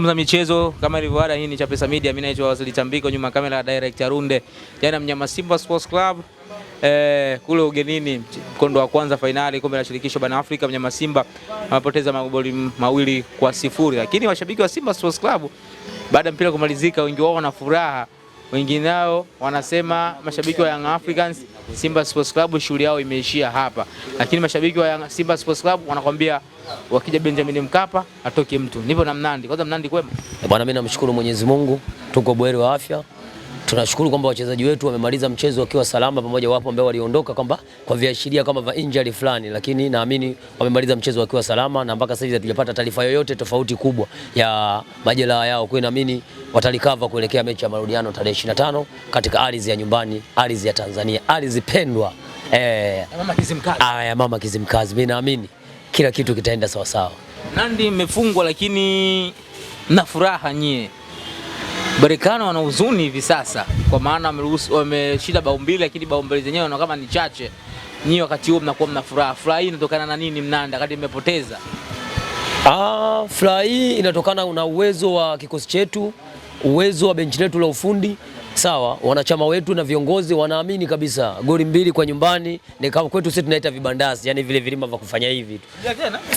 tunazungumza michezo kama ilivyo ada. Hii ni Chapesa Media, mimi naitwa Wasili Tambiko, nyuma kamera ya director Runde, jana mnyama Simba Sports Club Eh, kule ugenini mkondo wa kwanza fainali kombe la shirikisho bana Afrika, mnyama Simba amepoteza magoli mawili kwa sifuri, lakini washabiki wa Simba Sports Club baada mpira kumalizika, wengi wao wana furaha, wengine nao wanasema mashabiki wa Young Africans, Simba Sports Club shughuli yao imeishia hapa, lakini mashabiki wa Simba Sports Club wanakwambia wakija Benjamin Mkapa atoke mtu. Nipo na Mnandi. Kwanza Mnandi kwema. Bwana mimi namshukuru Mwenyezi Mungu tuko bweri wa afya. Tunashukuru kwamba wachezaji wetu wamemaliza mchezo wakiwa salama, pamoja wapo ambao waliondoka kwamba kwa viashiria kama va injury fulani, lakini naamini wamemaliza mchezo wakiwa salama, na mpaka sasa hivi hatujapata taarifa yoyote tofauti kubwa ya majeraha yao. Kwa naamini watalikava kuelekea mechi ya marudiano tarehe 25 katika ardhi ya nyumbani, ardhi ya Tanzania, ardhi pendwa eh, mama Kizimkazi. Aya, mama Kizimkazi, mimi naamini kila kitu kitaenda sawasawa. Nandi mmefungwa lakini na furaha nyie. Berkane wana huzuni hivi sasa kwa maana wameshinda bao mbili, lakini bao mbili zenyewe wanaona kama ni chache. Nyie wakati huo mnakuwa mna furaha. Furaha hii inatokana na nini Mnanda, kati mmepoteza? Ah, furaha hii inatokana na uwezo wa kikosi chetu, uwezo wa benchi letu la ufundi sawa, wanachama wetu na viongozi wanaamini kabisa goli mbili kwa nyumbani ni kama kwetu sisi tunaita vibandazi, yani vile vilima vya kufanya hivi tu.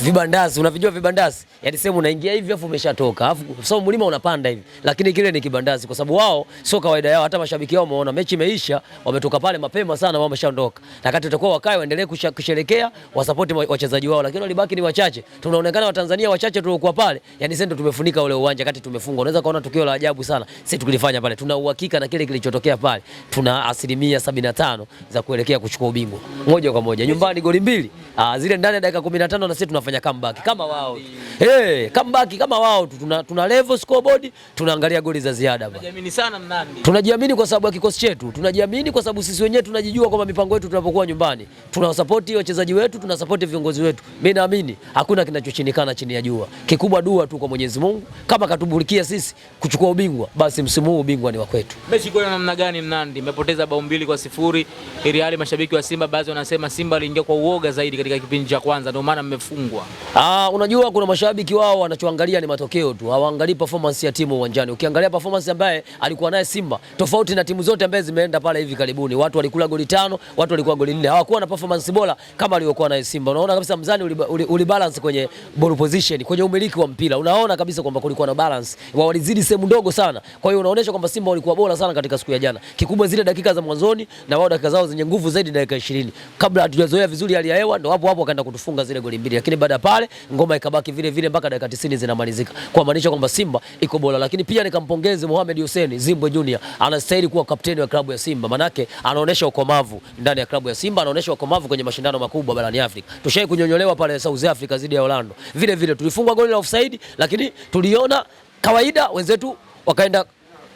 Vibandazi, unavijua vibandazi? Yani sehemu unaingia hivi afu umeshatoka. Afu kwa sababu mlima unapanda hivi. Lakini kile ni kibandazi kwa sababu wao sio kawaida yao, hata mashabiki wao wameona mechi imeisha, wametoka pale mapema sana wao wameshaondoka. Na kati tutakuwa wakae waendelee kusherekea, wasupport wachezaji wao, lakini walibaki ni wachache. Tunaonekana Watanzania wachache tuliokuwa pale, yani sisi ndo tumefunika ule uwanja kati tumefungwa. Unaweza kuona tukio la ajabu sana. Sisi tukilifanya pale. Tuna uhakika na kile kilichotokea pale, tuna asilimia tano za kuelekea kuchukua ubingwa moja kwa moja nyumbani, goli mbili ah, zile ndani ya dakika 15, na sisi tunafanya comeback kama wao hey, comeback kama wao tu, tuna, tuna level scoreboard, tunaangalia goli za ziada bwana. Tunajiamini sana Mnandi, tunajiamini kwa sababu ya kikosi chetu, tunajiamini kwa sababu sisi wenyewe tunajijua kwamba mipango yetu tunapokuwa nyumbani, tunawasapoti wachezaji wetu, tunasapoti viongozi wetu. Mimi naamini hakuna kinachochinikana chini ya jua, kikubwa dua tu kwa Mwenyezi Mungu, kama katuburikia sisi kuchukua ubingwa, basi msimu huu ubingwa ni wa kwetu mechi kwa namna gani Mnandi imepoteza bao mbili kwa sifuri ili hali mashabiki wa Simba baadhi wanasema Simba aliingia kwa uoga zaidi katika kipindi cha kwanza ndio maana mmefungwa. Ah, unajua kuna mashabiki wao wanachoangalia ni matokeo tu, hawaangalii performance ya timu uwanjani. Ukiangalia performance ambaye alikuwa naye Simba tofauti na timu zote ambazo zimeenda pale hivi karibuni, watu walikula goli tano, watu walikuwa goli nne, hawakuwa na performance bora kama aliyokuwa naye Simba. Unaona kabisa mzani ulibalance kwenye ball position, kwenye umiliki wa mpira, unaona kabisa kwamba kulikuwa na balance, wao walizidi sehemu ndogo sana. Kwa hiyo unaonesha kwamba Simba walikuwa bora sana katika siku ya jana. Kikubwa zile dakika za mwanzoni na wao dakika zao zenye nguvu zaidi dakika 20. Kabla hatujazoea vizuri hali ya hewa ndio hapo hapo wakaenda kutufunga zile goli mbili. Lakini baada pale ngoma ikabaki vile vile mpaka dakika 90 zinamalizika. Kwa maanisha kwamba Simba iko bora. Lakini pia nikampongeze Mohamed Hussein Zimbwe Junior. Anastahili kuwa kapteni wa klabu ya Simba. Manake anaonesha ukomavu ndani ya klabu ya Simba, anaonesha ukomavu kwenye mashindano makubwa barani Afrika. Tushai kunyonyolewa pale South Africa zidi ya Orlando. Vile vile tulifungwa goli la offside lakini tuliona kawaida wenzetu wakaenda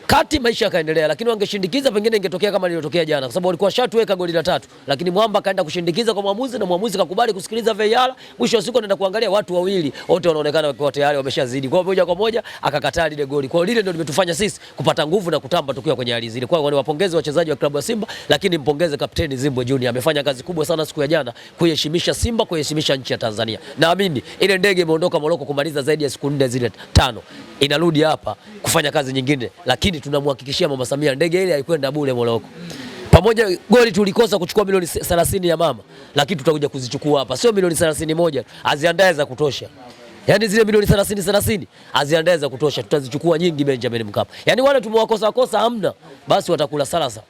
kati maisha yakaendelea, lakini wangeshindikiza pengine ingetokea kama lililotokea jana, kwa sababu walikuwa shatuweka goli la tatu, lakini mwamba kaenda kushindikiza kwa mwamuzi na mwamuzi kakubali kusikiliza VAR. Mwisho wa siku anaenda kuangalia watu wawili wote wanaonekana wakiwa tayari wameshazidi, kwa moja kwa moja akakataa lile goli. Kwa lile ndio limetufanya sisi kupata nguvu na kutamba tukiwa kwenye hali zile. Kwa hiyo niwapongeze wachezaji wa klabu ya Simba, lakini mpongeze kapteni Zimbo Junior, amefanya kazi kubwa sana siku ya jana kuheshimisha Simba, kuheshimisha nchi ya Tanzania. Naamini ile ndege imeondoka Moroko kumaliza zaidi ya siku nne zile tano, inarudi hapa kufanya kazi nyingine, lakini lakini tunamhakikishia Mama Samia ndege ile haikwenda bure Moroko. Pamoja goli tulikosa kuchukua milioni 30 ya mama, lakini tutakuja kuzichukua hapa. Sio milioni 30 moja, aziandae za kutosha. Yaani zile milioni 30 30 aziandae za kutosha, tutazichukua nyingi Benjamin Mkapa. Yaani wale tumewakosa kosa hamna, basi watakula salasa.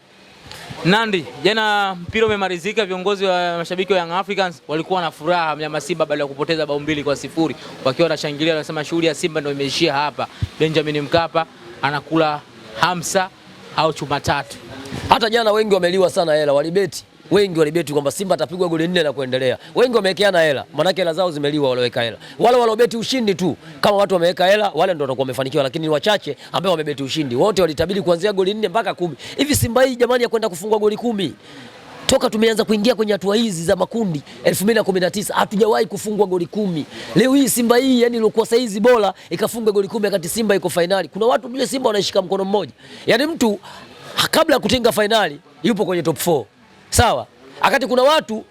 Nandi, jana mpira umemalizika, viongozi wa mashabiki wa Young Africans walikuwa na furaha mnyama Simba baada ya kupoteza bao mbili kwa sifuri wakiwa wanashangilia, wanasema shughuli ya Simba ndio imeishia hapa. Benjamin Mkapa anakula hamsa au chuma tatu. Hata jana wengi wameliwa sana hela, walibeti wengi walibeti kwamba Simba atapigwa goli nne na kuendelea. Wengi wamewekeana hela, manake hela zao zimeliwa. waloweka hela wale walobeti ushindi tu, kama watu wameweka hela wale ndio watakuwa wamefanikiwa, lakini ni wachache ambao wamebeti ushindi. Wote walitabiri kuanzia goli nne mpaka kumi. Hivi Simba hii jamani, ya kwenda kufungwa goli kumi toka tumeanza kuingia kwenye hatua hizi za makundi 2019 hatujawahi kufungwa goli kumi. Leo hii Simba hii yani ilikuwa saizi bora ikafunga goli kumi wakati Simba iko fainali. Kuna watu bila Simba wanaishika mkono mmoja. yani mtu kabla ya kutinga fainali yupo kwenye top 4. Sawa? Wakati kuna watu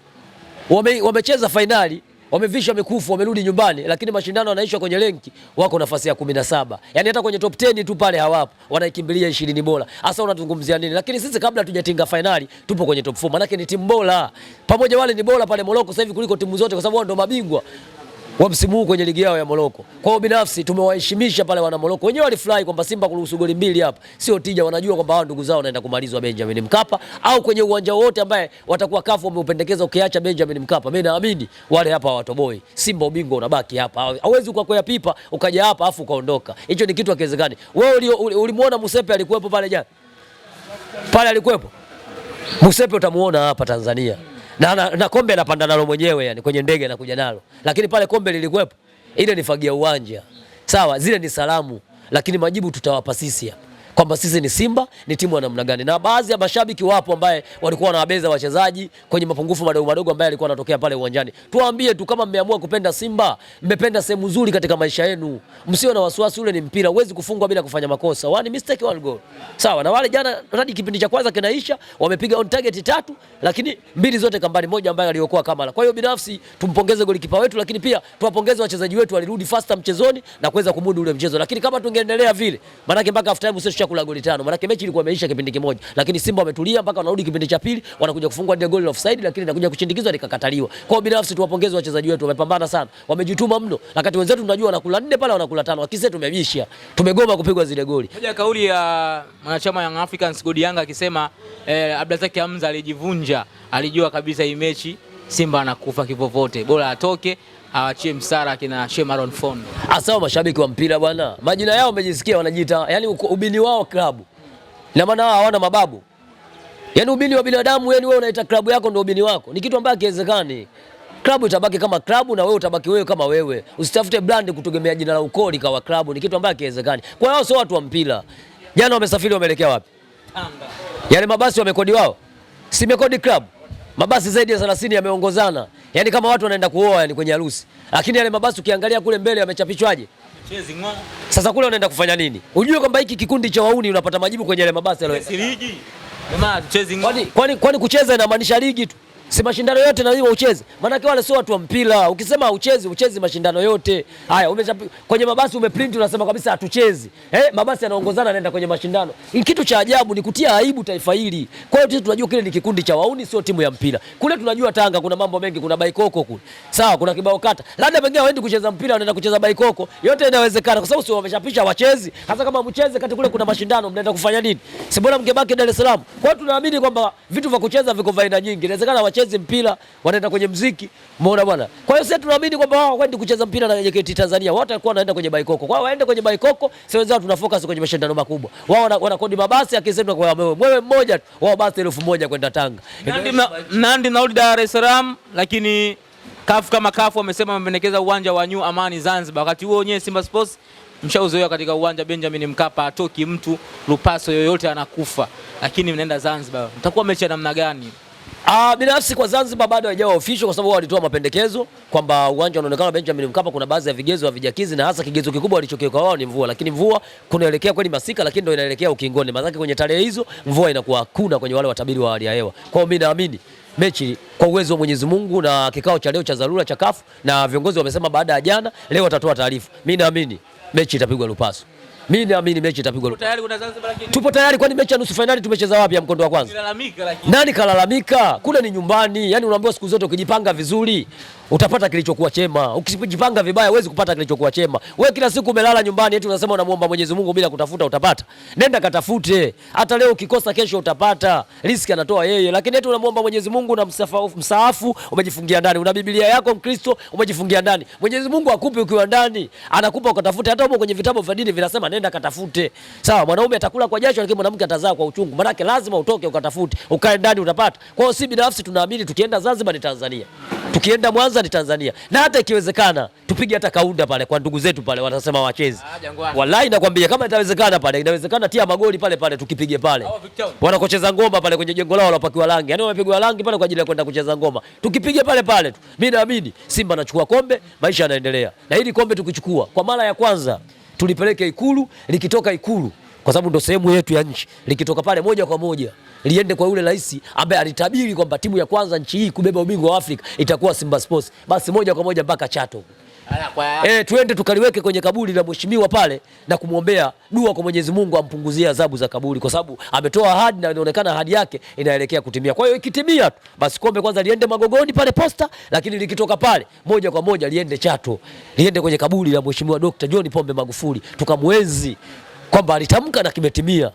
wame, wamecheza fainali wamevisha mikufu wamerudi nyumbani, lakini mashindano yanaisha kwenye renki, wako nafasi ya 17. Yani hata kwenye top 10 tu pale hawapo, wanaikimbilia 20 bora. Hasa unatuzungumzia nini? Lakini sisi kabla tujatinga finali tupo kwenye top 4, maana ni timu bora pamoja, wale ni bora pale Morocco sasa hivi kuliko timu zote, kwa sababu wao ndo mabingwa wa msimu huu kwenye ligi yao ya Moroko. Kwa hiyo binafsi tumewaheshimisha pale wana Moroko. Wenyewe walifurahi kwamba Simba kuruhusu goli mbili hapa sio tija, wanajua kwamba hao ndugu zao wanaenda kumalizwa Benjamin Mkapa au kwenye uwanja wote ambaye watakuwa kafu wameupendekeza ukiacha Benjamin Mkapa. Mimi naamini wale hapa hawatoboi. Simba ubingwa unabaki hapa. Hawezi ukakwea pipa ukaja hapa afu ukaondoka. Hicho ni kitu hakiwezekani. Wewe ulimuona Musepe alikuwepo pale jana? Pale alikuwepo. Musepe utamuona hapa Tanzania. Na, na, na kombe anapanda nalo mwenyewe yani kwenye ndege anakuja nalo. Lakini pale kombe lilikuwepo. Ile ni fagia uwanja. Sawa, zile ni salamu, lakini majibu tutawapa sisi hapa kwamba sisi ni Simba ni timu ya namna gani, na baadhi ya mashabiki wapo ambaye walikuwa wanawabeza wachezaji kwenye mapungufu madogo madogo ambayo alikuwa anatokea pale uwanjani. Tuwaambie tu kama mmeamua kupenda Simba, mmependa sehemu nzuri katika maisha yenu, msio na wasiwasi, ule ni mpira, huwezi kufungwa bila kufanya makosa. One mistake one goal, sawa na wale jana. Hadi kipindi cha kwanza kinaisha, wamepiga on target tatu, lakini mbili zote kambani, moja ambayo aliokoa Kamala. Kwa hiyo binafsi tumpongeze golikipa wetu, lakini pia tuwapongeze wachezaji wetu, walirudi faster mchezoni na kuweza kumudu ule mchezo, lakini kama tungeendelea vile, maana mpaka half time sisi kula goli tano, maana mechi ilikuwa imeisha kipindi kimoja, lakini Simba wametulia mpaka wanarudi kipindi cha pili, wanakuja kufungwa ndio goli la offside, lakini inakuja kushindikizwa likakataliwa. Kwa binafsi tuwapongeze wachezaji wetu, wamepambana sana, wamejituma mno, wakati wenzetu tunajua wanakula nne pale wanakula tano, akise tumebisha, tumegoma kupigwa zile goli. Moja kauli ya mwanachama Young Africans God Yanga akisema eh, Abdulazaki Hamza alijivunja, alijua kabisa hii mechi Simba anakufa kivovote, bora atoke awachie msara kina Shemaron Fon. Asawa, mashabiki wa mpira bwana, majina yao umejisikia, wanajiita yani ubini wao klabu, na maana wao hawana mababu yani ubini wa binadamu. Yani wewe unaita klabu yako ndio ubini wako, ni kitu ambacho kiwezekani. Klabu itabaki kama klabu na wewe utabaki wewe kama wewe, usitafute brand kutegemea jina la ukoli kwa klabu, ni kitu ambacho kiwezekani. Kwa hiyo sio watu wa mpira. Jana wamesafiri wameelekea wapi? Yale mabasi wamekodi wao, si mekodi klabu mabasi zaidi ya 30 yameongozana, yani kama watu wanaenda kuoa, yani kwenye harusi. Lakini yale mabasi ukiangalia kule mbele yamechapishwaje? Sasa kule unaenda kufanya nini? Unajua kwamba hiki kikundi cha wauni unapata majibu kwenye yale mabasi yale. Kwani kwani kucheza inamaanisha ligi tu? Si mashindano yote lazima ucheze. Maana wale sio watu wa mpira. Ukisema uchezi, uchezi mashindano yote. Haya, kwenye mabasi umeprint unasema kabisa hatuchezi. Eh, mabasi yanaongozana naenda kwenye mashindano. Kitu cha ajabu ni kutia aibu taifa hili. Kwa hiyo tunajua kile ni kikundi cha wauni sio timu ya mpira. Kule tunajua Tanga kuna mambo mengi, kuna baikoko kule. Sawa, kuna kibao kata. Labda pengine waende kucheza mpira wanaenda kucheza baikoko. Yote inawezekana kwa sababu sio wameshapisha wachezi. hasa kama mcheze kati kule kuna mashindano mnaenda kufanya nini? Si bora mngebaki Dar es Salaam. Kwa hiyo tunaamini kwamba vitu vya kucheza viko vya aina nyingi. Inawezekana wacheze mpira, wanaenda kwenye mziki, umeona bwana. Kwa hiyo sisi tunaamini kwamba wao hawaendi kucheza mpira na JKT Tanzania, wao watakuwa wanaenda kwenye Baikoko, Kwa hiyo waende kwenye Baikoko. Sisi wenzao tuna focus kwenye mashindano makubwa, wao wanakodi mabasi akisema kwa wewe wewe mmoja tu, wao basi elfu moja kwenda Tanga, Nandi Nandi nauli Dar es Salaam, lakini kafu kama kafu wamesema wamependekeza uwanja wa New Amani Zanzibar. Wakati huo wenyewe Simba Sports mshauzoea katika uwanja Benjamin Mkapa atoki mtu, lupaso yoyote anakufa, lakini mnaenda Zanzibar, mtakuwa mechi ya namna gani? Ah, binafsi kwa Zanzibar bado haijawa official kwa sababu walitoa mapendekezo kwamba uwanja unaonekana Benjamin Mkapa kuna baadhi ya vigezo vijakizi na hasa kigezo kikubwa walichokiweka wao ni mvua, lakini mvua kunaelekea kweli masika, lakini ndio inaelekea ukingoni. Maana kwenye tarehe hizo mvua inakuwa hakuna kwenye wale watabiri wa hali ya hewa. Kwa hiyo mimi naamini mechi kwa uwezo wa Mwenyezi Mungu na kikao cha leo cha dharura cha CAF na viongozi wamesema baada ya jana leo watatoa taarifa. Mimi naamini mechi itapigwa lupaso. Mimi naamini mechi itapigwa. Tupo tayari kuna Zanzibar lakini. Tupo tayari kwani mechi ya nusu finali tumecheza wapi ya mkondo wa kwanza? Lalamika lakini. Nani kalalamika? Kule ni nyumbani. Yaani unaambiwa siku zote ukijipanga vizuri utapata kilichokuwa chema. Ukijipanga vibaya huwezi kupata kilichokuwa chema. Wewe kila siku umelala nyumbani eti unasema unamuomba Mwenyezi Mungu bila kutafuta utapata. Nenda katafute. Hata leo ukikosa kesho utapata. Riski anatoa yeye. Lakini eti unamuomba Mwenyezi Mungu na msaafu umejifungia ndani. Una Biblia yako Mkristo umejifungia ndani. Mwenyezi Mungu akupe ukiwa ndani. Anakupa ukatafuta hata uko kwenye vitabu vya dini vinasema nenda katafute. Sawa, mwanaume atakula kwa jasho, lakini mwanamke atazaa kwa uchungu. Maana lazima utoke ukatafute, ukae ndani utapata. Kwa hiyo si binafsi tunaamini tukienda Zanzibar ni Tanzania, tukienda Mwanza ni Tanzania, na hata ikiwezekana tupige hata kaunda pale kwa ndugu zetu pale, watasema wacheze. Ah, Wallahi nakwambia kama itawezekana pale, inawezekana tia magoli pale pale, tukipige pale wanakocheza ngoma pale kwenye jengo lao lopakiwa rangi, Yaani wamepigwa rangi pale kwa ajili ya kwenda kucheza ngoma, tukipige pale pale tu. Mimi naamini Simba anachukua kombe, maisha yanaendelea, na hili kombe tukichukua kwa mara ya kwanza tulipeleke Ikulu, likitoka Ikulu kwa sababu ndo sehemu yetu ya nchi, likitoka pale moja kwa moja liende kwa yule rais ambaye alitabiri kwamba timu ya kwanza nchi hii kubeba ubingwa wa Afrika itakuwa Simba Sports, basi moja kwa moja mpaka Chato. E, eh, tuende tukaliweke kwenye kaburi la mheshimiwa pale na kumwombea dua kwa Mwenyezi Mungu ampunguzie adhabu za kaburi, kwa sababu ametoa ahadi na inaonekana ahadi yake inaelekea kutimia. Kwa hiyo ikitimia tu basi kombe kwanza liende Magogoni pale Posta, lakini likitoka pale moja kwa moja liende Chato, liende kwenye kaburi la mheshimiwa Dr. John Pombe Magufuli, tukamwenzi kwamba alitamka na kimetimia.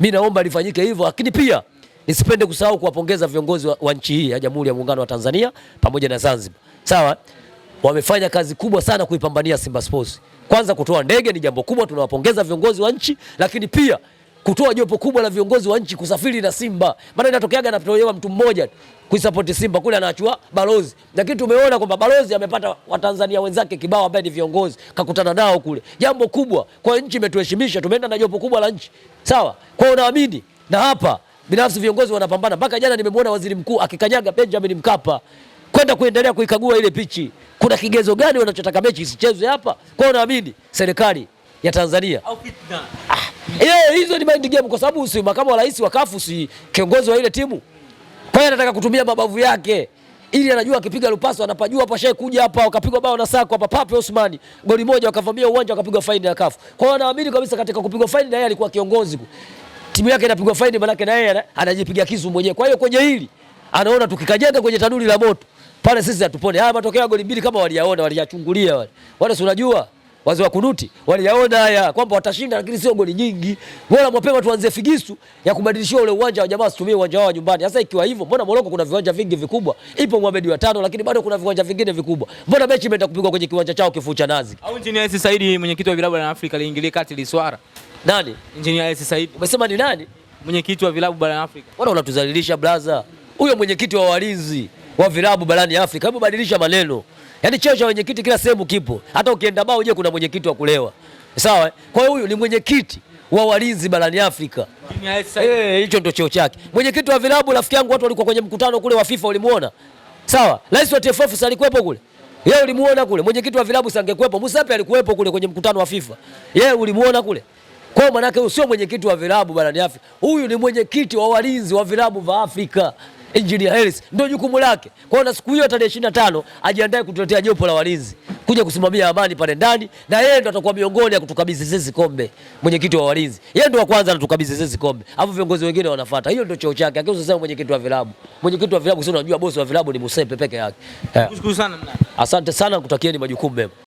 Mimi naomba lifanyike hivyo, lakini pia nisipende kusahau kuwapongeza viongozi wa, wa nchi hii ya Jamhuri ya Muungano wa Tanzania pamoja na Zanzibar. Sawa wamefanya kazi kubwa sana kuipambania Simba Sports. Kwanza kutoa ndege ni jambo kubwa, tunawapongeza viongozi wa nchi, lakini pia kutoa jopo kubwa la viongozi wa nchi kusafiri na Simba, maana inatokeaga anatolewa mtu mmoja kuisapoti Simba kule anaachua balozi, lakini tumeona kwamba balozi amepata Watanzania wenzake kibao ambaye ni viongozi, kakutana nao kule, jambo kubwa kwa nchi, imetuheshimisha tumeenda na jopo kubwa la nchi, sawa. Kwa unaamini na hapa binafsi viongozi wanapambana, mpaka jana nimemwona waziri mkuu akikanyaga Benjamin Mkapa kwenda kuendelea kuikagua ile pichi. Kuna kigezo gani wanachotaka mechi isichezwe hapa? Kwa unaamini serikali ya Tanzania Ah, yeye eh, hizo ni mind game, kwa sababu si makamu wa rais wa kafu si kiongozi wa ile timu. Kwa hiyo anataka kutumia mabavu yake ili anajua akipiga lupaso anapajua hapa. Shai kuja hapa wakapigwa bao na Sako hapa, Pape Osmani goli moja, wakavamia uwanja wakapigwa faini ya kafu. Kwa hiyo anaamini kabisa katika kupigwa faini na yeye alikuwa kiongozi, timu yake inapigwa faini, maana yake na yeye anajipiga kisu mwenyewe. Kwa hiyo kwenye hili anaona tukikajenga kwenye tanuri la moto pale sisi hatupone. Haya matokeo ya goli mbili kama waliyaona, waliyachungulia wale. Wale si unajua wazee wa kunuti waliyaona haya kwamba watashinda, lakini sio goli nyingi. Bora mapema tuanze figisu ya kubadilishia ule uwanja wa jamaa, situmie uwanja wao nyumbani. Sasa ikiwa hivyo, mbona Moroko kuna viwanja vingi vikubwa? Ipo Mohamed wa tano, lakini bado kuna viwanja vingine vikubwa. Mbona mechi imeenda kupigwa kwenye kiwanja chao kifuu cha nazi? Au engineer Hersi Said, mwenyekiti wa vilabu barani Afrika, aliingilia kati liswara. Nani? Engineer Hersi Said. Umesema ni nani? Mwenyekiti wa vilabu barani Afrika. Bwana unatuzalilisha brother? Huyo mwenyekiti wa walinzi wa vilabu barani Afrika. Hebu badilisha maneno. Yaani cheo cha mwenyekiti kila sehemu kipo. Hata ukienda bao uje kuna mwenyekiti wa kulewa. Sawa? Eh? Kwa hiyo huyu ni mwenyekiti wa walinzi barani Afrika. Eh, hicho ndio cheo chake. Mwenyekiti wa vilabu, rafiki yangu, watu walikuwa kwenye mkutano kule wa FIFA, ulimuona? Sawa? Rais wa TFF sasa alikuwepo kule. Yeye ulimuona kule. Mwenyekiti wa vilabu sangekuwepo. Musape alikuwepo kule kwenye mkutano wa FIFA. Yeye ulimuona kule. Kwa maana yake sio mwenyekiti wa vilabu barani Afrika. Huyu ni mwenyekiti wa walinzi wa vilabu vya Afrika ya Hersi ndio jukumu lake. Kwa hiyo na siku hiyo tarehe 25 ajiandae kutuletea jopo la walinzi kuja kusimamia amani pale ndani, na yeye ndo atakuwa miongoni ya kutukabidhi sisi kombe. Mwenyekiti wa walinzi yeye ndo wa kwanza anatukabidhi sisi kombe, alafu viongozi wengine wanafuata. Hiyo ndio cheo chake. akiwa sasa mwenyekiti wa vilabu, mwenyekiti wa vilabu, sio unajua, bosi wa vilabu ni Musepe peke yake. Eh. Asante sana, kutakieni majukumu mema.